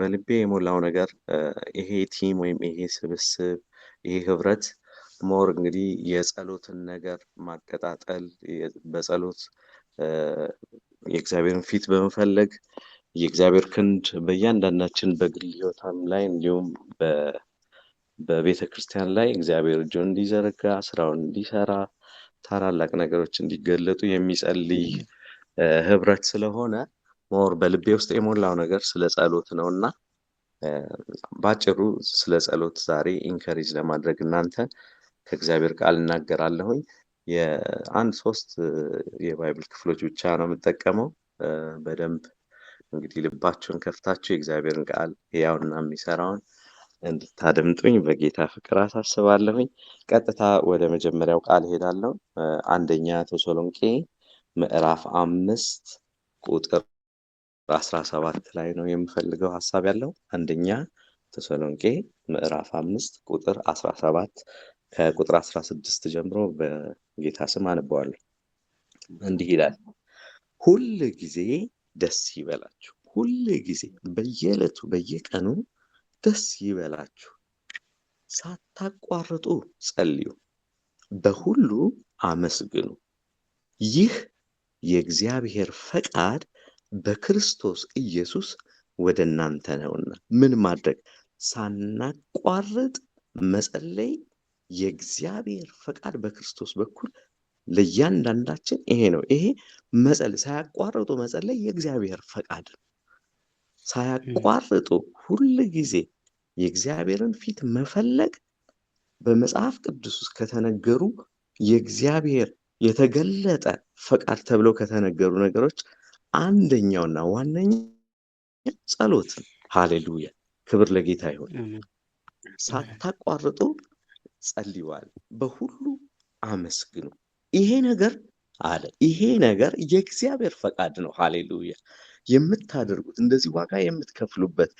በልቤ የሞላው ነገር ይሄ ቲም ወይም ይሄ ስብስብ ይሄ ህብረት ሞር እንግዲህ የጸሎትን ነገር ማቀጣጠል በጸሎት የእግዚአብሔርን ፊት በመፈለግ የእግዚአብሔር ክንድ በእያንዳንዳችን በግል ህይወታም ላይ እንዲሁም በቤተ ክርስቲያን ላይ እግዚአብሔር እጁን እንዲዘረጋ ስራውን እንዲሰራ ታላላቅ ነገሮች እንዲገለጡ የሚጸልይ ህብረት ስለሆነ ሞር በልቤ ውስጥ የሞላው ነገር ስለ ጸሎት ነው እና በአጭሩ ስለ ጸሎት ዛሬ ኢንከሬጅ ለማድረግ እናንተ ከእግዚአብሔር ቃል እናገራለሁኝ። የአንድ ሶስት የባይብል ክፍሎች ብቻ ነው የምጠቀመው። በደንብ እንግዲህ ልባችሁን ከፍታችሁ የእግዚአብሔርን ቃል ሕያውና የሚሰራውን እንድታደምጡኝ በጌታ ፍቅር አሳስባለሁኝ። ቀጥታ ወደ መጀመሪያው ቃል እሄዳለሁ። አንደኛ ተሰሎንቄ ምዕራፍ አምስት ቁጥር አስራ ሰባት ላይ ነው የምፈልገው ሀሳብ ያለው አንደኛ ተሰሎንቄ ምዕራፍ አምስት ቁጥር አስራ ሰባት ከቁጥር አስራ ስድስት ጀምሮ በጌታ ስም አነበዋለሁ። እንዲህ ይላል፣ ሁል ጊዜ ደስ ይበላችሁ። ሁል ጊዜ በየዕለቱ በየቀኑ ደስ ይበላችሁ። ሳታቋርጡ ጸልዩ፣ በሁሉ አመስግኑ። ይህ የእግዚአብሔር ፈቃድ በክርስቶስ ኢየሱስ ወደ እናንተ ነውና ምን ማድረግ ሳናቋርጥ መጸለይ የእግዚአብሔር ፈቃድ በክርስቶስ በኩል ለእያንዳንዳችን ይሄ ነው። ይሄ መጸል ሳያቋርጡ መጸለይ የእግዚአብሔር ፈቃድ ነው። ሳያቋርጡ ሁል ጊዜ የእግዚአብሔርን ፊት መፈለግ በመጽሐፍ ቅዱስ ውስጥ ከተነገሩ የእግዚአብሔር የተገለጠ ፈቃድ ተብለው ከተነገሩ ነገሮች አንደኛውና ዋነኛ ጸሎት ሃሌሉያ፣ ክብር ለጌታ ይሆን ሳታቋርጡ ጸልዩዋል፣ በሁሉ አመስግኑ። ይሄ ነገር አለ ይሄ ነገር የእግዚአብሔር ፈቃድ ነው። ሃሌሉያ የምታደርጉት እንደዚህ ዋጋ የምትከፍሉበት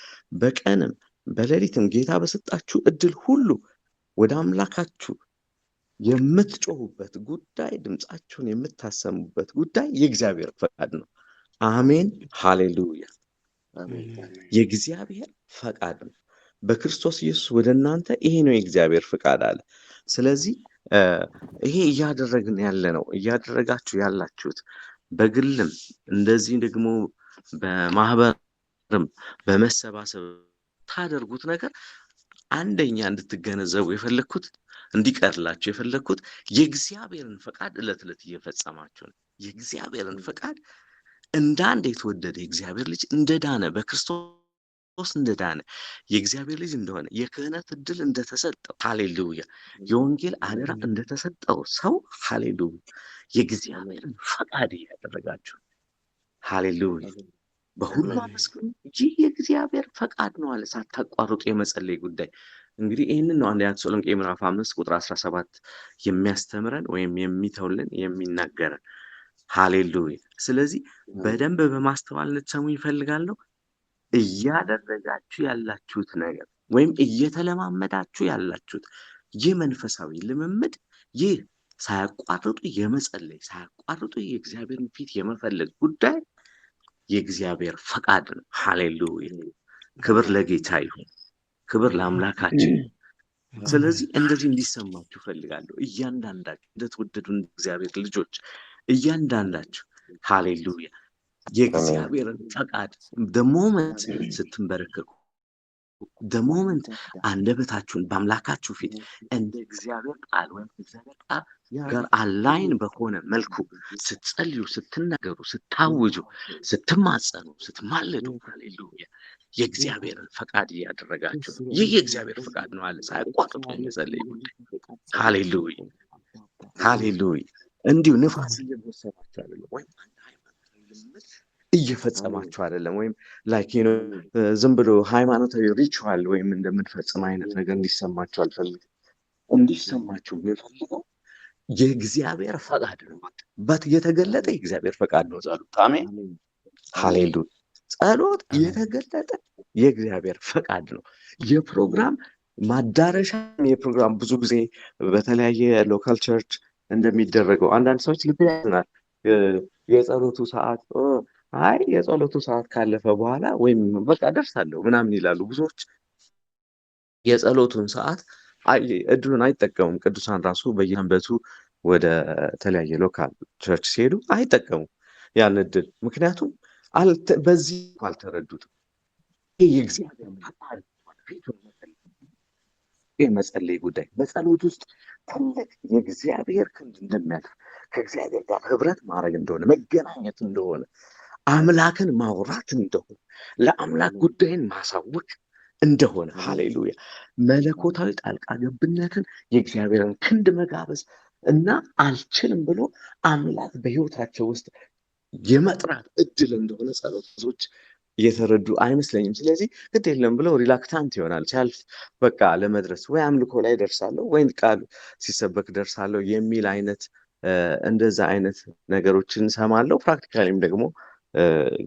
በቀንም በሌሊትም ጌታ በሰጣችሁ እድል ሁሉ ወደ አምላካችሁ የምትጮሁበት ጉዳይ ድምፃችሁን የምታሰሙበት ጉዳይ የእግዚአብሔር ፈቃድ ነው። አሜን፣ ሃሌሉያ። የእግዚአብሔር ፈቃድ ነው። በክርስቶስ ኢየሱስ ወደ እናንተ ይሄ ነው የእግዚአብሔር ፈቃድ አለ። ስለዚህ ይሄ እያደረግን ያለ ነው፣ እያደረጋችሁ ያላችሁት በግልም እንደዚህ ደግሞ በማህበርም በመሰባሰብ ታደርጉት ነገር አንደኛ እንድትገነዘቡ የፈለግኩት እንዲቀርላችሁ የፈለግኩት የእግዚአብሔርን ፈቃድ ዕለት ዕለት እየፈጸማችሁ ነው። የእግዚአብሔርን ፈቃድ እንደ አንድ የተወደደ የእግዚአብሔር ልጅ እንደዳነ በክርስቶስ እንደዳነ የእግዚአብሔር ልጅ እንደሆነ የክህነት እድል እንደተሰጠው ሀሌሉያ፣ የወንጌል አደራ እንደተሰጠው ሰው ሀሌሉያ፣ የእግዚአብሔርን ፈቃድ እያደረጋችሁ ሀሌሉያ፣ በሁሉ አመስግኑ፣ ይህ የእግዚአብሔር ፈቃድ ነው አለ። ሳታቋርጡ የመጸለይ ጉዳይ እንግዲህ ይህንን ነው አንደኛ ተሰሎንቄ ምዕራፍ አምስት ቁጥር አስራ ሰባት የሚያስተምረን ወይም የሚተውልን የሚናገረን ሃሌሉያ። ስለዚህ በደንብ በማስተዋል ልትሰሙ ይፈልጋለሁ። እያደረጋችሁ ያላችሁት ነገር ወይም እየተለማመዳችሁ ያላችሁት ይህ መንፈሳዊ ልምምድ ይህ ሳያቋርጡ የመጸለይ ሳያቋርጡ የእግዚአብሔርን ፊት የመፈለግ ጉዳይ የእግዚአብሔር ፈቃድ ነው። ሃሌሉያ። ክብር ለጌታ ይሁን፣ ክብር ለአምላካችን። ስለዚህ እንደዚህ እንዲሰማችሁ እፈልጋለሁ። እያንዳንዳችሁ እንደተወደዱ እግዚአብሔር ልጆች እያንዳንዳችሁ ሃሌሉያ የእግዚአብሔርን ፈቃድ ደሞመንት ስትንበረከቁ ደሞመንት አንደበታችሁን በአምላካችሁ ፊት እንደ እግዚአብሔር ቃል ወይም እግዚአብሔር ቃል ጋር አላይን በሆነ መልኩ ስትጸልዩ፣ ስትናገሩ፣ ስታውጁ፣ ስትማጸኑ፣ ስትማልዱ ሃሌሉያ የእግዚአብሔርን ፈቃድ እያደረጋችሁ ይህ የእግዚአብሔር ፈቃድ ነው አለ ሳያቋርጡ የመጸለይ ጉዳይ። ሃሌሉያ ሃሌሉያ እንዲሁ ንፋስ እየጎሰባቸው አይደለም ወይም እየፈጸማቸው አይደለም ወይም ላይክ ነው ዝም ብሎ ሃይማኖታዊ ሪችዋል ወይም እንደምንፈጽም አይነት ነገር እንዲሰማቸው አልፈልግ እንዲሰማቸው የፈልገው የእግዚአብሔር ፈቃድ ነው። በት የተገለጠ የእግዚአብሔር ፈቃድ ነው ጸሎት። አሜን ሀሌሉ ጸሎት የተገለጠ የእግዚአብሔር ፈቃድ ነው። የፕሮግራም ማዳረሻም የፕሮግራም ብዙ ጊዜ በተለያየ ሎካል ቸርች እንደሚደረገው አንዳንድ ሰዎች ልብ ያዝናል። የጸሎቱ ሰዓት አይ የጸሎቱ ሰዓት ካለፈ በኋላ ወይም በቃ ደርሳለሁ ምናምን ይላሉ ብዙዎች። የጸሎቱን ሰዓት እድሉን አይጠቀሙም። ቅዱሳን ራሱ በየሰንበቱ ወደ ተለያየ ሎካል ቸርች ሲሄዱ አይጠቀሙም ያን እድል። ምክንያቱም በዚህ አልተረዱትም። ይህ የእግዚአብሔር መጸለይ ጉዳይ በጸሎት ውስጥ ትልቅ የእግዚአብሔር ክንድ እንደሚያልፍ ከእግዚአብሔር ጋር ህብረት ማድረግ እንደሆነ መገናኘት እንደሆነ አምላክን ማውራት እንደሆነ ለአምላክ ጉዳይን ማሳወቅ እንደሆነ ሀሌሉያ መለኮታዊ ጣልቃ ገብነትን የእግዚአብሔርን ክንድ መጋበዝ እና አልችልም ብሎ አምላክ በህይወታቸው ውስጥ የመጥራት እድል እንደሆነ ጸሎት እየተረዱ አይመስለኝም። ስለዚህ ግድ የለም ብለው ሪላክታንት ይሆናል። ቻልፍ በቃ ለመድረስ ወይ አምልኮ ላይ ደርሳለሁ ወይም ቃል ሲሰበክ ደርሳለሁ የሚል አይነት እንደዛ አይነት ነገሮችን እሰማለሁ። ፕራክቲካሊም ደግሞ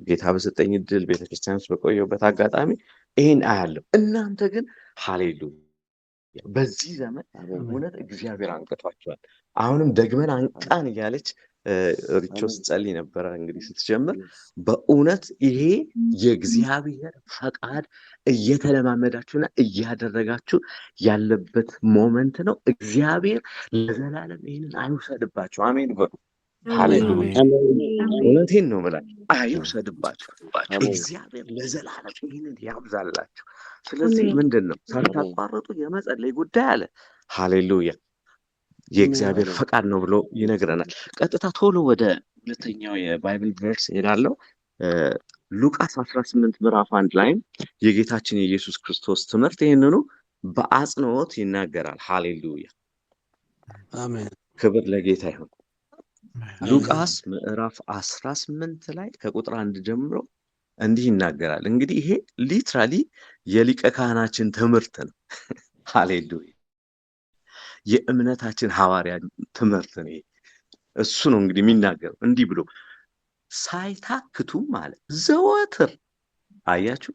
ጌታ በሰጠኝ እድል ቤተክርስቲያን ውስጥ በቆየሁበት አጋጣሚ ይህን አያለም እናንተ ግን ሀሌሉ በዚህ ዘመን እውነት እግዚአብሔር አንቅቷቸዋል። አሁንም ደግመን አንቃን እያለች ሪቾ ስትጸልይ ነበረ እንግዲህ ስትጀምር በእውነት ይሄ የእግዚአብሔር ፈቃድ እየተለማመዳችሁና እያደረጋችሁ ያለበት ሞመንት ነው። እግዚአብሔር ለዘላለም ይህንን አይውሰድባቸው። አሜን በሉ። እውነቴን ነው የምላችሁ፣ አይውሰድባቸው። እግዚአብሔር ለዘላለም ይህንን ያብዛላቸው ስለዚህ ምንድን ነው ሳታቋርጡ የመጸለይ ጉዳይ አለ። ሃሌሉያ የእግዚአብሔር ፈቃድ ነው ብሎ ይነግረናል። ቀጥታ ቶሎ ወደ ሁለተኛው የባይብል ቨርስ ሄዳለው። ሉቃስ 18 ምዕራፍ አንድ ላይም የጌታችን የኢየሱስ ክርስቶስ ትምህርት ይህንኑ በአጽንኦት ይናገራል። ሃሌሉያ ክብር ለጌታ ይሁን። ሉቃስ ምዕራፍ 18 ላይ ከቁጥር አንድ ጀምሮ እንዲህ ይናገራል። እንግዲህ ይሄ ሊትራሊ የሊቀ ካህናችን ትምህርት ነው። ሃሌሉያ የእምነታችን ሐዋርያ ትምህርት ነው። እሱ ነው እንግዲህ የሚናገረው እንዲህ ብሎ ሳይታክቱም ማለት ዘወትር አያችሁ፣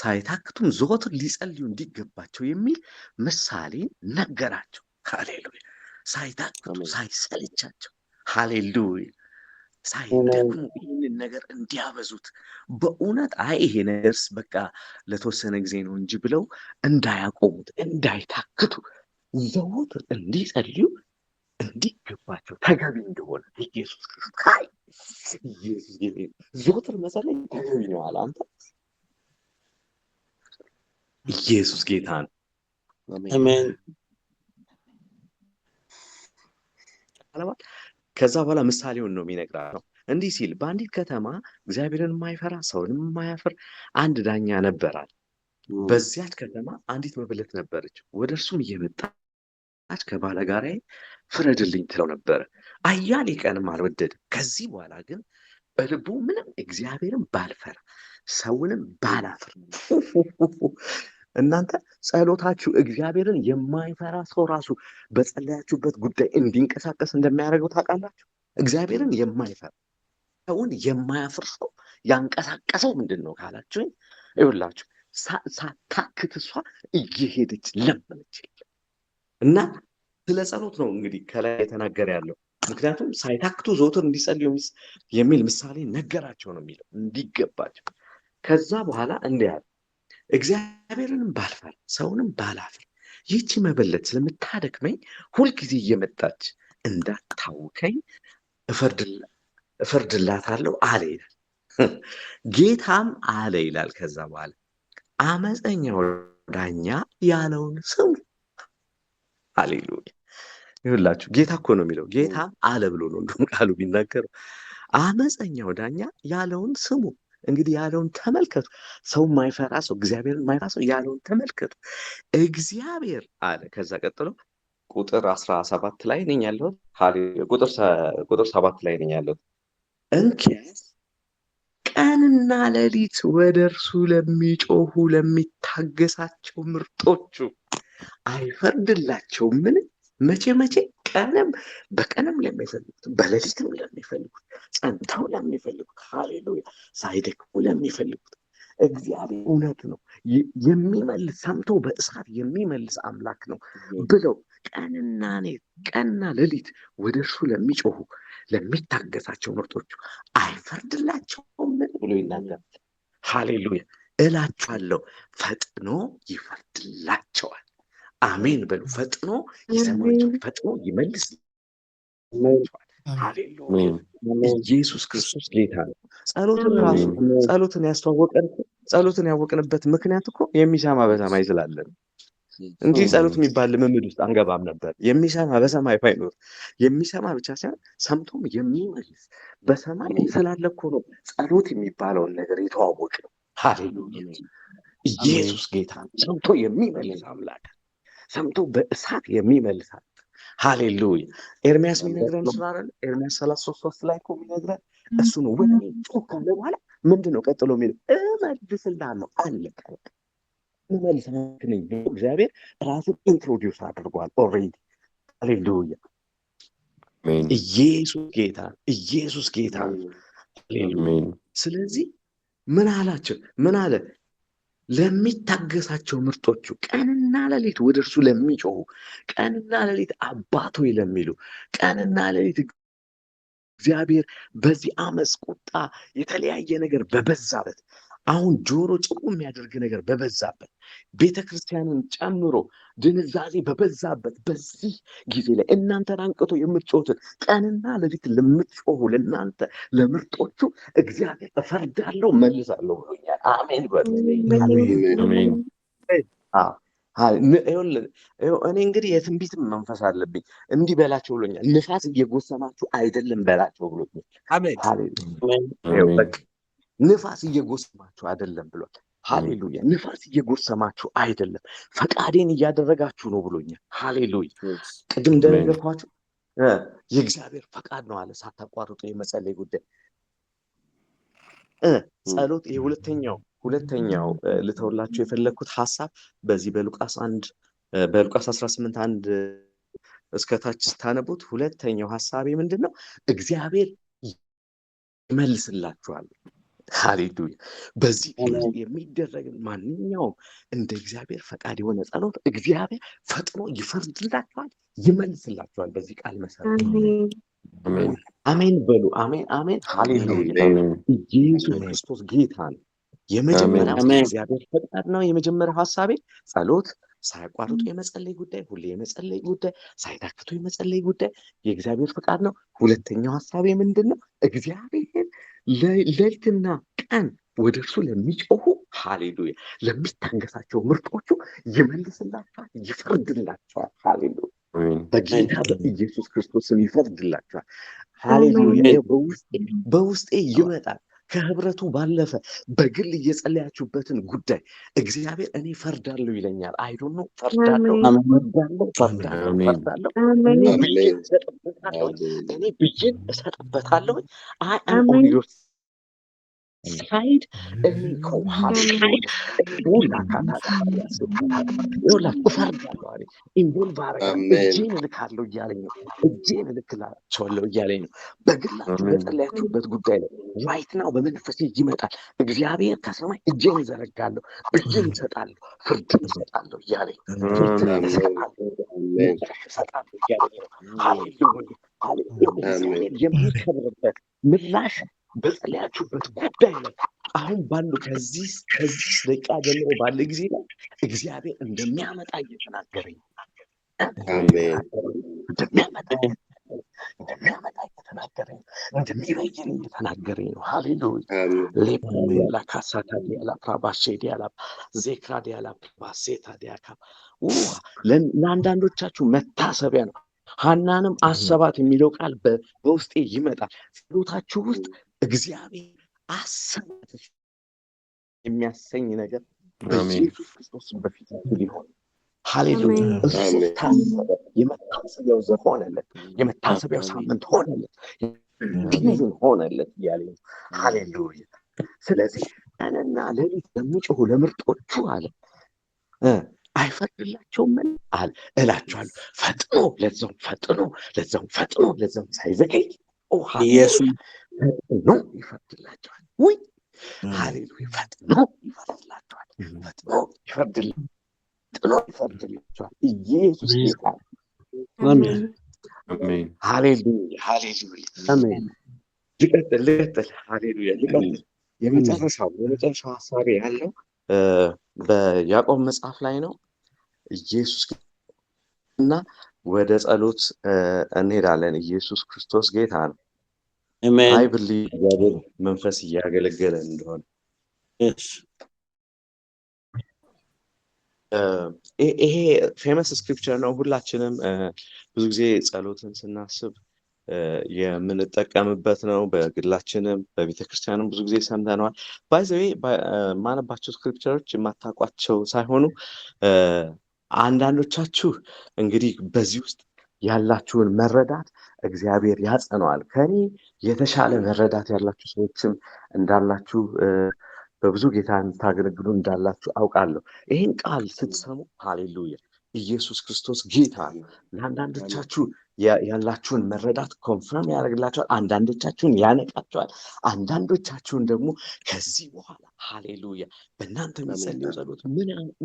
ሳይታክቱም ዘወትር ሊጸልዩ እንዲገባቸው የሚል ምሳሌ ነገራቸው። ሃሌሉያ! ሳይታክቱ ሳይሰልቻቸው፣ ሃሌሉያ! ሳይደክሙ ይህንን ነገር እንዲያበዙት በእውነት አይ ይሄ ነገርስ በቃ ለተወሰነ ጊዜ ነው እንጂ ብለው እንዳያቆሙት እንዳይታክቱ ዘወትር እንዲጸልዩ እንዲገባቸው ተገቢ እንደሆነ ኢየሱስ ክርስቶስ ዘወትር መጸለይ ተገቢ ነው አለ። አንተ ኢየሱስ ጌታ ነው። አሜን። ከዛ በኋላ ምሳሌውን ነው የሚነግራት ነው እንዲህ ሲል በአንዲት ከተማ እግዚአብሔርን የማይፈራ ሰውንም የማያፍር አንድ ዳኛ ነበራል። በዚያች ከተማ አንዲት መበለት ነበረች። ወደ እርሱም እየመጣ አች ከባለ ጋራዬ ፍረድልኝ ትለው ነበር። አያሌ ቀንም አልወደድም። ከዚህ በኋላ ግን በልቡ ምንም እግዚአብሔርን ባልፈራ ሰውንም ባላፍር እናንተ ጸሎታችሁ እግዚአብሔርን የማይፈራ ሰው ራሱ በጸለያችሁበት ጉዳይ እንዲንቀሳቀስ እንደሚያደርገው ታውቃላችሁ። እግዚአብሔርን የማይፈራ ሰውን የማያፍር ሰው ያንቀሳቀሰው ምንድን ነው ካላችሁኝ፣ ይኸውላችሁ ሳታክት እሷ እየሄደች ለመነች። እና ስለ ጸሎት ነው እንግዲህ ከላይ የተናገረ ያለው። ምክንያቱም ሳይታክቱ ዘውትር እንዲጸልዩ የሚል ምሳሌ ነገራቸው ነው የሚለው እንዲገባቸው። ከዛ በኋላ እንዲ ያለ እግዚአብሔርንም ባልፈራ ሰውንም ባላፍር ይቺ መበለት ስለምታደክመኝ ሁልጊዜ እየመጣች እንዳታውከኝ እፈርድላታለሁ አለ ይላል። ጌታም አለ ይላል። ከዛ በኋላ አመፀኛው ዳኛ ያለውን ስሙ ሃሌሉያ ይሁላችሁ። ጌታ እኮ ነው የሚለው። ጌታ አለ ብሎ ነው እንደውም ቃሉ ቢናገረው አመፀኛው ዳኛ ያለውን ስሙ እንግዲህ ያለውን ተመልከቱ። ሰው ማይፈራ ሰው እግዚአብሔርን ማይፈራ ሰው ያለውን ተመልከቱ። እግዚአብሔር አለ። ከዛ ቀጥሎ ቁጥር አስራ ሰባት ላይ ነኝ ያለሁት ቁጥር ሰባት ላይ ነኝ ያለሁት እንኪያስ ቀንና ሌሊት ወደ እርሱ ለሚጮሁ ለሚታገሳቸው ምርጦቹ አይፈርድላቸውምን? መቼ መቼ ቀንም በቀንም ለሚፈልጉት በሌሊትም ለሚፈልጉት ጸንተው ለሚፈልጉት ሃሌሉያ ሳይደክሙ ለሚፈልጉት እግዚአብሔር እውነት ነው የሚመልስ ሰምቶ በእሳት የሚመልስ አምላክ ነው ብለው ቀንና ኔ ቀንና ሌሊት ወደ እርሱ ለሚጮሁ ለሚታገሳቸው ምርጦቹ አይፈርድላቸውም ብሎ ይናገራል። ሃሌሉያ እላችኋለሁ ፈጥኖ ይፈርድላቸዋል። አሜን በሉ። ፈጥኖ የሰማቸው ፈጥኖ ይመልስ። ኢየሱስ ክርስቶስ ጌታ ነው። ጸሎትን ራሱ ጸሎትን ያስተዋወቀን ጸሎትን ያወቅንበት ምክንያት እኮ የሚሰማ በሰማይ ስላለን እንጂ ጸሎት የሚባል ልምምድ ውስጥ አንገባም ነበር። የሚሰማ በሰማይ ባይኖር የሚሰማ ብቻ ሳይሆን ሰምቶም የሚመልስ በሰማይ ስላለ እኮ ነው ጸሎት የሚባለውን ነገር የተዋወቅ ነው። ሃሌሉያ! ኢየሱስ ጌታ ነው። ሰምቶ የሚመልስ አምላክ ሰምቶ በእሳት የሚመልሳል። ሃሌሉያ ኤርሚያስ የሚነግረን ስላለ ኤርሚያስ ሰላሳ ሶስት ሶስት ላይ እኮ የሚነግረን እሱ ነው። ወደ ጮክ ካለ በኋላ ምንድን ነው ቀጥሎ የሚለው እመልስልሃለሁ ነው አለ መልስልኝ። እግዚአብሔር ራሱን ኢንትሮዲውስ አድርጓል ኦሬዲ ሃሌሉያ ኢየሱስ ጌታ ኢየሱስ ጌታ። ስለዚህ ምን አላቸው? ምን አለ ለሚታገሳቸው ምርቶቹ ቀንና ሌሊት ወደ እርሱ ለሚጮሁ ቀንና ሌሊት አባት ሆይ ለሚሉ ቀንና ሌሊት እግዚአብሔር በዚህ አመፅ ቁጣ የተለያየ ነገር በበዛበት አሁን ጆሮ ጭቁ የሚያደርግ ነገር በበዛበት ቤተ ክርስቲያንን ጨምሮ ድንዛዜ በበዛበት በዚህ ጊዜ ላይ እናንተን አንቅቶ የምትጮሁትን ቀንና ለሊት ለምትጮሁ ለእናንተ ለምርጦቹ እግዚአብሔር እፈርዳለሁ መልሳለሁ ብሎኛል። አሜን በሉ። እኔ እንግዲህ የትንቢትም መንፈስ አለብኝ። እንዲህ በላቸው ብሎኛል። ንፋስ እየጎሰማችሁ አይደለም በላቸው ብሎኛል። ንፋስ እየጎሰማችሁ አይደለም ብሏል። ሃሌሉያ ንፋስ እየጎሰማችሁ አይደለም፣ ፈቃዴን እያደረጋችሁ ነው ብሎኛል። ሃሌሉያ ቅድም እንደነገርኳችሁ የእግዚአብሔር ፈቃድ ነው አለ። ሳታቋርጡ የመጸለይ ጉዳይ ጸሎት። ይሄ ሁለተኛው ሁለተኛው ልተውላችሁ የፈለግኩት ሀሳብ በዚህ በሉቃስ አንድ በሉቃስ አስራ ስምንት አንድ እስከታች ስታነቡት ሁለተኛው ሀሳቤ ምንድን ነው? እግዚአብሔር ይመልስላችኋል ሃሌሉያ። በዚህ የሚደረግ ማንኛውም እንደ እግዚአብሔር ፈቃድ የሆነ ጸሎት እግዚአብሔር ፈጥኖ ይፈርድላቸዋል፣ ይመልስላቸዋል። በዚህ ቃል መሰረት አሜን በሉ። አሜን አሜን። ሃሌሉያ። ኢየሱስ ክርስቶስ ጌታ ነው። የመጀመሪያ እግዚአብሔር ፈቃድ ነው። የመጀመሪያው ሀሳቤ ጸሎት ሳያቋርጡ የመጸለይ ጉዳይ፣ ሁሌ የመጸለይ ጉዳይ፣ ሳይታክቱ የመጸለይ ጉዳይ የእግዚአብሔር ፈቃድ ነው። ሁለተኛው ሀሳቤ ምንድን ነው? እግዚአብሔር ሌሊትና ቀን ወደ እርሱ ለሚጮሁ ሀሌሉያ ለሚታገሳቸው ምርጦቹ ይመልስላቸዋል፣ ይፈርድላቸዋል። ሀሌሉያ በጌታ በኢየሱስ ክርስቶስም ይፈርድላቸዋል። ሀሌሉያ በውስጤ ይመጣል ከህብረቱ ባለፈ በግል እየጸለያችሁበትን ጉዳይ እግዚአብሔር እኔ ፈርዳለሁ ይለኛል። አይዶኖ ነው ፈርዳለሁ፣ ብይን እሰጥበታለሁ፣ እኔ አይ አም ኦን ዮር ሳይድ ኢንቮልቭ አደርጋለሁ እጄን እልካለሁ እያለኝ ነው። እጄን እልክላቸዋለሁ እያለኝ ነው። በግላችሁ በጸለያችሁበት ጉዳይ ላይ ዋይት ናው ይመጣል። እግዚአብሔር ከሰማይ እጄን እዘረጋለሁ፣ እጄን እሰጣለሁ፣ ፍርድን እሰጣለሁ እያለኝ ፍርድን እሰጣለሁ እያለኝ ነው። የሚከብርበት ምላሽ በጸለያችሁበት ጉዳይ ላይ አሁን ባሉ ከዚህ ከዚህ ደቂቃ ጀምሮ ባለ ጊዜ ላይ እግዚአብሔር እንደሚያመጣ እየተናገረኝ እንደሚያመጣ እንደሚበይን ነው። ሃሌሉያ ሌላ ዲያላ ፕራባሼ ዲያላ ዜክራ ዲያላ ፕራባሴታ ዲያካ ለአንዳንዶቻችሁ መታሰቢያ ነው። ሀናንም አሰባት የሚለው ቃል በውስጤ ይመጣል። ጸሎታችሁ ውስጥ እግዚአብሔር አሰባት የሚያሰኝ ነገር በኢየሱስ ክርስቶስ በፊት ሊሆን ሃሌሉያ። እሱ የመታሰቢያው ዘር ሆነለት። የመታሰቢያው ሳምንት ሆነለት። ጊዜን ሆነለት እያለ ሃሌሉያ። ስለዚህ ቀንና ሌሊት ለሚጮሁ ለምርጦቹ አለ አይፈቅድላቸው ምን አለ እላቸዋለሁ። ፈጥኖ ለዛውም ፈጥኖ ለዛውም ፈጥኖ ለዛውም ሳይዘገይ ኢየሱስ ፈጥኖ ይፈርድላቸዋል። ውይ ሃሌሉያ! ፈጥኖ ይፈርድላቸዋል። ፈጥኖ ይፈርድላቸዋል። ጥሎ ይፈርድላቸዋል። ኢየሱስ ጌታ። ሃሌሉያ! ሃሌሉያ! ልቀጥል፣ ልቀጥል። ሃሌሉያ! ልቀጥል። የመጨረሻው የመጨረሻው ሀሳቤ ያለው በያዕቆብ መጽሐፍ ላይ ነው። ኢየሱስ እና ወደ ጸሎት እንሄዳለን። ኢየሱስ ክርስቶስ ጌታ ነው። አይ ብል እግዚአብሔር መንፈስ እያገለገለ እንደሆነ ይሄ ፌመስ ስክሪፕቸር ነው። ሁላችንም ብዙ ጊዜ ጸሎትን ስናስብ የምንጠቀምበት ነው። በግላችንም በቤተክርስቲያንም ብዙ ጊዜ ሰምተነዋል። ባይዘዌ ማነባቸው ስክሪፕቸሮች የማታቋቸው ሳይሆኑ አንዳንዶቻችሁ እንግዲህ በዚህ ውስጥ ያላችሁን መረዳት እግዚአብሔር ያጸነዋል። ከኔ የተሻለ መረዳት ያላችሁ ሰዎችም እንዳላችሁ በብዙ ጌታ የምታገለግሉ እንዳላችሁ አውቃለሁ። ይህን ቃል ስትሰሙ ሃሌሉያ ኢየሱስ ክርስቶስ ጌታ ነው። ለአንዳንዶቻችሁ ያላችሁን መረዳት ኮንፈርም ያደርግላቸዋል፣ አንዳንዶቻችሁን ያነቃቸዋል፣ አንዳንዶቻችሁን ደግሞ ከዚህ በኋላ ሃሌሉያ በእናንተ የሚጸልዩ ጸሎት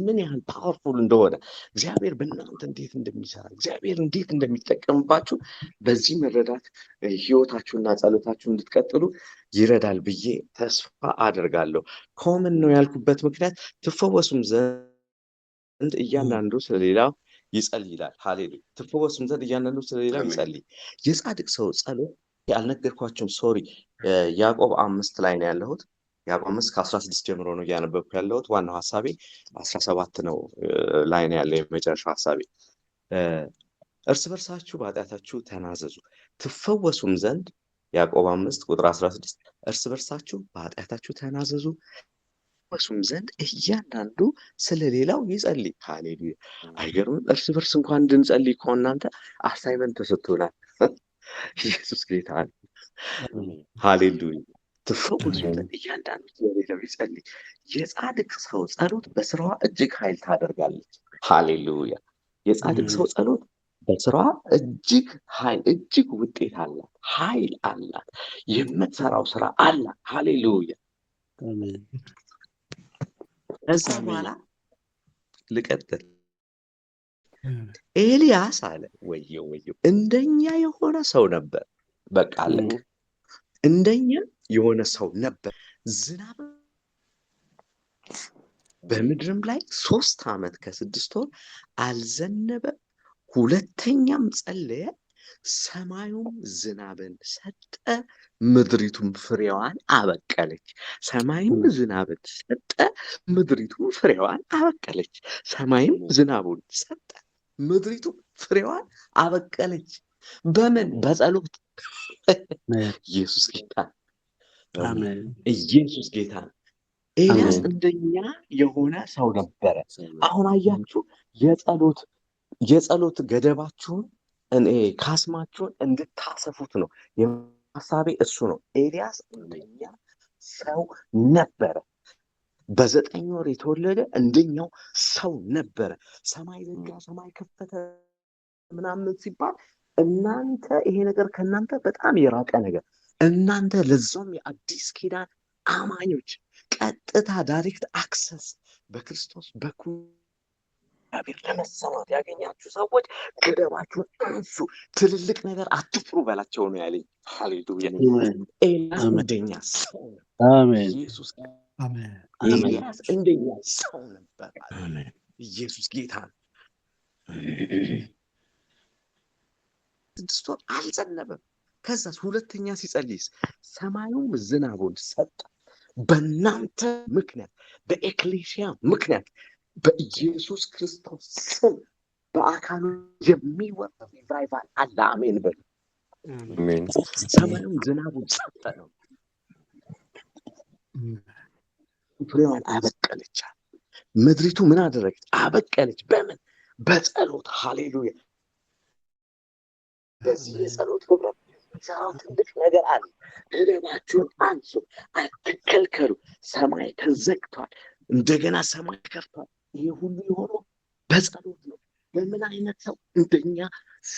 ምን ያህል ፓወርፉል እንደሆነ እግዚአብሔር በእናንተ እንዴት እንደሚሰራ እግዚአብሔር እንዴት እንደሚጠቀምባችሁ በዚህ መረዳት ህይወታችሁና ጸሎታችሁ እንድትቀጥሉ ይረዳል ብዬ ተስፋ አደርጋለሁ። ኮመን ነው ያልኩበት ምክንያት ትፈወሱም ዘንድ ዘንድ እያንዳንዱ ስለሌላው ይጸልይ ይላል። ሀሌሉያ ትፈወስ ዘንድ እያንዳንዱ ስለሌላው ይጸልይ። የጻድቅ ሰው ጸሎት አልነገርኳቸውም። ሶሪ ያዕቆብ አምስት ላይ ነው ያለሁት። ያዕቆብ አምስት ከአስራ ስድስት ጀምሮ ነው እያነበብኩ ያለሁት። ዋናው ሀሳቤ አስራ ሰባት ነው ላይ ነው ያለው የመጨረሻው ሀሳቤ እርስ በርሳችሁ በኃጢአታችሁ ተናዘዙ ትፈወሱም ዘንድ ያዕቆብ አምስት ቁጥር አስራ ስድስት እርስ በርሳችሁ በኃጢአታችሁ ተናዘዙ ይፈወሱም ዘንድ እያንዳንዱ ስለሌላው ይጸልይ። ሃሌሉያ! አይገርምም? እርስ በርስ እንኳን እንድንጸልይ እኮ እናንተ አሳይመንት ተሰጥቶናል። ኢየሱስ ጌታ ሃሌሉያ! ትፈወሱ ዘንድ እያንዳንዱ ስለሌላው ይጸልይ። የጻድቅ ሰው ጸሎት በስራዋ እጅግ ኃይል ታደርጋለች። ሃሌሉያ! የጻድቅ ሰው ጸሎት በስራዋ እጅግ ኃይል እጅግ ውጤት አላት፣ ኃይል አላት፣ የምትሰራው ስራ አላት። ሃሌሉያ! ከዛ በኋላ ልቀጥል። ኤልያስ አለ ወየ ወየ እንደኛ የሆነ ሰው ነበር። በቃ አለቀ። እንደኛ የሆነ ሰው ነበር። ዝናብ በምድርም ላይ ሶስት ዓመት ከስድስት ወር አልዘነበም። ሁለተኛም ጸለየ ሰማዩም ዝናብን ሰጠ ምድሪቱም ፍሬዋን አበቀለች። ሰማይም ዝናብን ሰጠ ምድሪቱም ፍሬዋን አበቀለች። ሰማይም ዝናቡን ሰጠ ምድሪቱም ፍሬዋን አበቀለች። በምን በጸሎት ኢየሱስ ጌታ ኢየሱስ ጌታ ኤልያስ እንደኛ የሆነ ሰው ነበረ። አሁን አያችሁ የጸሎት የጸሎት ገደባችሁን ካስማችሁን እንድታሰፉት ነው። ሀሳቤ እሱ ነው። ኤልያስ እንደኛ ሰው ነበረ። በዘጠኝ ወር የተወለደ እንደኛው ሰው ነበረ። ሰማይ ዘጋ፣ ሰማይ ከፈተ ምናምን ሲባል እናንተ ይሄ ነገር ከእናንተ በጣም የራቀ ነገር እናንተ ለዛውም የአዲስ ኪዳን አማኞች ቀጥታ ዳይሬክት አክሰስ በክርስቶስ በኩል እግዚአብሔር ለመሰማት ያገኛችሁ ሰዎች ገደባችሁን አንሱ፣ ትልልቅ ነገር አትፍሩ በላቸው ነው ያለኝ። ሃሌሉያ! ኤልያስ እንደኛ ሰው ኢየሱስ ኤልያስ እንደኛ ሰው ነበር። ኢየሱስ ጌታ ነው። ስድስት ወር አልጸለበም። ከዛስ ሁለተኛ ሲጸልይስ ሰማዩም ዝናቡን ሰጠ። በእናንተ ምክንያት በኤክሌሽያ ምክንያት በኢየሱስ ክርስቶስ ስም በአካሉ የሚወጣ ሪቫይቫል አለ። አሜን በሉ። ሰማዩም ዝናቡ ጸጠ ነው። ፍሬዋን አበቀለች። ምድሪቱ ምን አደረገች? አበቀለች። በምን? በጸሎት ሃሌሉያ። በዚህ የጸሎት ክብረት ሰራው ትልቅ ነገር አለ። እደባችሁን አንሱ፣ አትከልከሉ። ሰማይ ተዘግቷል፣ እንደገና ሰማይ ከፍቷል። ይህ ሁሉ የሆነው በጸሎት ነው። በምን አይነት ሰው? እንደኛ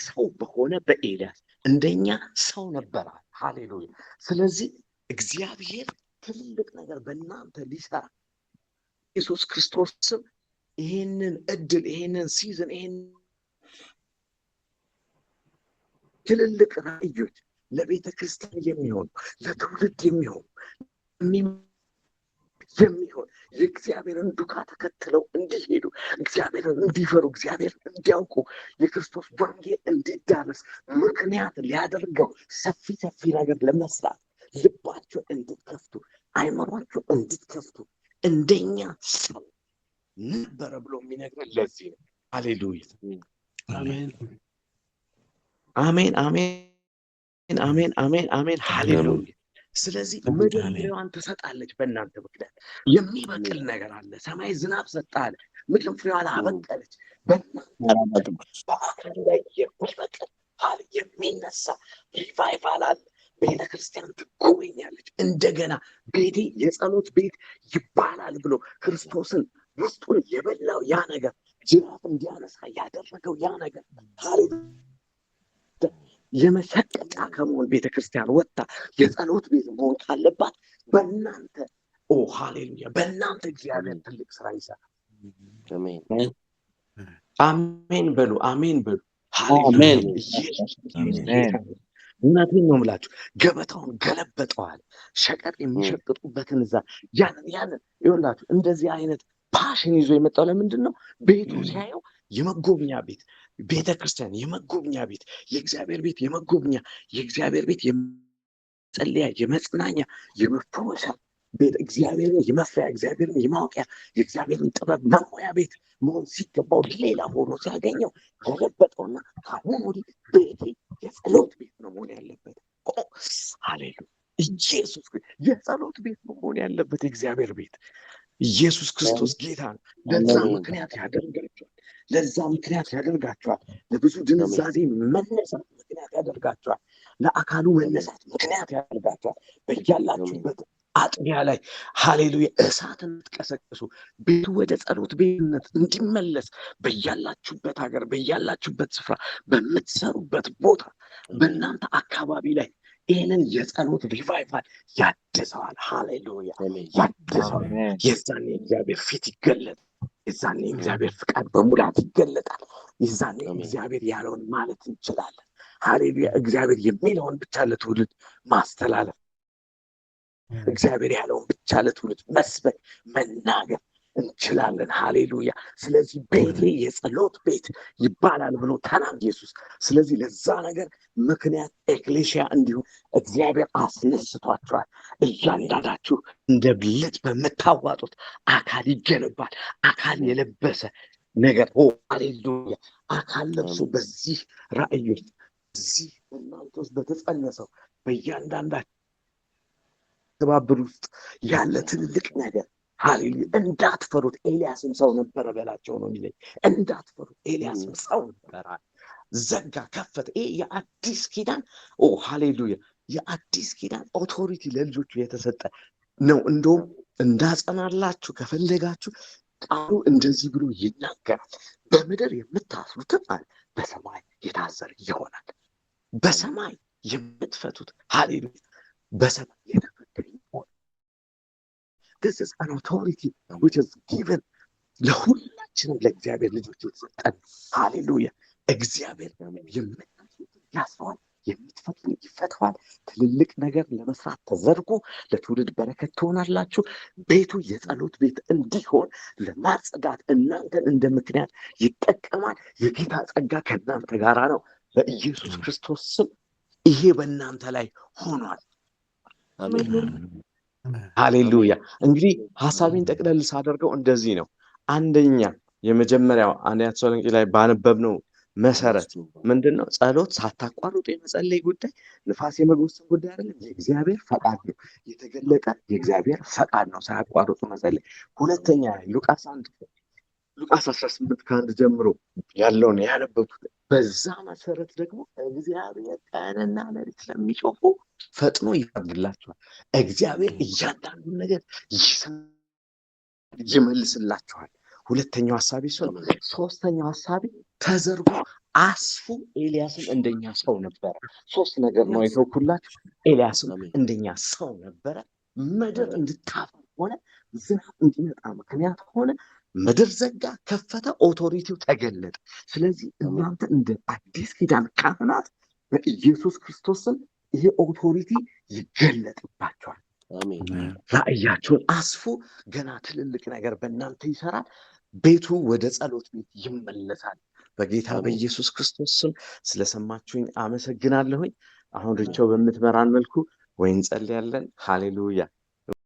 ሰው በሆነ በኤልያስ እንደኛ ሰው ነበረ። ሃሌሉያ። ስለዚህ እግዚአብሔር ትልቅ ነገር በእናንተ ሊሰራ ኢየሱስ ክርስቶስም ይሄንን እድል ይሄንን ሲዝን ይሄን ትልልቅ ራእዮች ለቤተ ክርስቲያን የሚሆኑ ለትውልድ የሚሆኑ የሚሆን የእግዚአብሔርን ዱካ ተከትለው እንዲሄዱ እግዚአብሔርን እንዲፈሩ እግዚአብሔር እንዲያውቁ የክርስቶስ ወንጌል እንዲዳረስ ምክንያት ሊያደርገው ሰፊ ሰፊ ነገር ለመስራት ልባቸው እንድትከፍቱ አይመሯቸው እንድትከፍቱ እንደኛ ሰው ነበረ ብሎ የሚነግር ለዚህ ነው። አሌሉያ አሜን አሜን አሜን አሜን አሜን አሜን ሃሌሉያ ስለዚህ ምድር ፍሬዋን ትሰጣለች። በእናንተ ምክንያት የሚበቅል ነገር አለ። ሰማይ ዝናብ ሰጠ አለ፣ ምድር ፍሬዋን አበቀለች። በእናንተ ላይ የሚበቅል ል የሚነሳ ሪቫይቫል አለ። ቤተ ክርስቲያን ትጎበኛለች። እንደገና ቤቴ የጸሎት ቤት ይባላል ብሎ ክርስቶስን ውስጡን የበላው ያ ነገር ጅራፍ እንዲያነሳ ያደረገው ያ ነገር የመሸቀጫ ከመሆን ቤተክርስቲያን ወጥታ የጸሎት ቤት መሆን ካለባት በእናንተ ኦ ሃሌሉያ፣ በእናንተ እግዚአብሔር ትልቅ ስራ ይሰራል። አሜን በሉ፣ አሜን በሉ። እውነቴን ነው ምላችሁ ገበታውን ገለበጠዋል። ሸቀጥ የሚሸቅጡበትን እዛ ያንን ያንን ይኸውላችሁ፣ እንደዚህ አይነት ፓሽን ይዞ የመጣው ለምንድን ነው? ቤቱ ሲያየው የመጎብኛ ቤት ቤተ ክርስቲያን የመጎብኛ ቤት፣ የእግዚአብሔር ቤት የመጎብኛ የእግዚአብሔር ቤት የመጸለያ፣ የመጽናኛ፣ የመፈወሻ ቤት እግዚአብሔር የመፍሪያ እግዚአብሔርን የማወቂያ የእግዚአብሔርን ጥበብ መሙያ ቤት መሆን ሲገባው ሌላ ሆኖ ሲያገኘው የለበጠውና ከአሁን ወዲህ ቤቴ የጸሎት ቤት ነው መሆን ያለበት። ሃሌሉ ኢየሱስ የጸሎት ቤት ነው መሆን ያለበት። የእግዚአብሔር ቤት ኢየሱስ ክርስቶስ ጌታ ነው። ለዛ ምክንያት ያደርጋቸዋል። ለዛ ምክንያት ያደርጋቸዋል። ለብዙ ድንዛዜ መነሳት ምክንያት ያደርጋቸዋል። ለአካሉ መነሳት ምክንያት ያደርጋቸዋል። በያላችሁበት አጥቢያ ላይ ሀሌሉያ እሳትን ትቀሰቅሱ። ቤቱ ወደ ጸሎት ቤትነት እንዲመለስ በያላችሁበት ሀገር፣ በያላችሁበት ስፍራ፣ በምትሰሩበት ቦታ፣ በእናንተ አካባቢ ላይ ይህንን የጸሎት ሪቫይቫል ያድሰዋል። ሀሌሉያ ያድሰዋል። የዛን የእግዚአብሔር ፊት ይገለጥ የዛኔ እግዚአብሔር ፍቃድ በሙላት ይገለጣል። የዛኔ እግዚአብሔር ያለውን ማለት እንችላለን። ሀሌሉያ! እግዚአብሔር የሚለውን ብቻ ለትውልድ ማስተላለፍ፣ እግዚአብሔር ያለውን ብቻ ለትውልድ መስበክ፣ መናገር እንችላለን። ሃሌሉያ። ስለዚህ ቤቴ የጸሎት ቤት ይባላል ብሎ ተናግ ኢየሱስ። ስለዚህ ለዛ ነገር ምክንያት ኤክሌሽያ እንዲሁም እግዚአብሔር አስነስቷቸዋል። እያንዳንዳችሁ እንደ ልጅ በምታዋጡት አካል ይገነባል። አካል የለበሰ ነገር ሆ ሃሌሉያ። አካል ለብሶ በዚህ ራእይ ውስጥ በዚህ በእናንተ ውስጥ በተጸነሰው በእያንዳንዳችሁ ትባብር ውስጥ ያለ ትልቅ ነገር ሃሌሉያ እንዳትፈሩት፣ ኤልያስም ሰው ነበረ በላቸው ነው የሚለኝ። እንዳትፈሩት፣ ኤልያስም ሰው ነበረ። ዘጋ ከፈተ። ይሄ የአዲስ ኪዳን ሃሌሉያ፣ የአዲስ ኪዳን ኦቶሪቲ ለልጆቹ የተሰጠ ነው። እንደውም እንዳጸናላችሁ ከፈለጋችሁ ቃሉ እንደዚህ ብሎ ይናገራል። በምድር የምታስሩትም አለ በሰማይ የታዘር ይሆናል። በሰማይ የምትፈቱት ሃሌሉያ፣ በሰማይ this is an authority which is given ለሁላችንም ለእግዚአብሔር ልጆች የተሰጠን ሃሌሉያ። እግዚአብሔር ያስረዋል፣ የምትፈቱ ይፈተዋል። ትልልቅ ነገር ለመስራት ተዘርጉ፣ ለትውልድ በረከት ትሆናላችሁ። ቤቱ የጸሎት ቤት እንዲሆን ለማጽዳት እናንተን እንደ ምክንያት ይጠቀማል። የጌታ ጸጋ ከእናንተ ጋራ ነው። በኢየሱስ ክርስቶስ ስም ይሄ በእናንተ ላይ ሆኗል። አሜን። ሃሌሉያ። እንግዲህ ሀሳቢን ጠቅለል ሳደርገው እንደዚህ ነው። አንደኛ የመጀመሪያው አንደኛ ተሰሎንቄ ላይ ባነበብ ነው መሰረት ምንድን ነው? ጸሎት ሳታቋርጡ የመጸለይ ጉዳይ ንፋስ የመጎሰም ጉዳይ አይደለም። የእግዚአብሔር ፈቃድ ነው፣ የተገለጠ የእግዚአብሔር ፈቃድ ነው። ሳያቋርጡ መጸለይ። ሁለተኛ ሉቃስ አንድ ሉቃስ አስራ ስምንት ከአንድ ጀምሮ ያለውን ያነበብኩት በዛ መሰረት ደግሞ እግዚአብሔር ቀንና ሌሊት ስለሚጮፉ ፈጥኖ ይፈርድላቸዋል። እግዚአብሔር እያንዳንዱን ነገር ይመልስላቸዋል። ሁለተኛው ሀሳቢ እሱ ነው። ሶስተኛው ሀሳቢ ተዘርጎ አስፉ ኤልያስም እንደኛ ሰው ነበረ። ሶስት ነገር ነው የተውኩላችሁ። ኤልያስም እንደኛ ሰው ነበረ። ምድር እንድታፈር ሆነ፣ ዝናብ እንዲመጣ ምክንያት ሆነ። ምድር ዘጋ፣ ከፈተ፣ ኦቶሪቲው ተገለጠ። ስለዚህ እናንተ እንደ አዲስ ኪዳን ካህናት በኢየሱስ ክርስቶስን ይሄ ኦቶሪቲ ይገለጥባቸዋል። ራእያቸውን አስፉ። ገና ትልልቅ ነገር በእናንተ ይሰራል። ቤቱ ወደ ጸሎት ቤት ይመለሳል። በጌታ በኢየሱስ ክርስቶስ ስም ስለሰማችሁኝ አመሰግናለሁኝ። አሁን ርቸው በምትመራን መልኩ ወይ ያለን ሃሌሉያ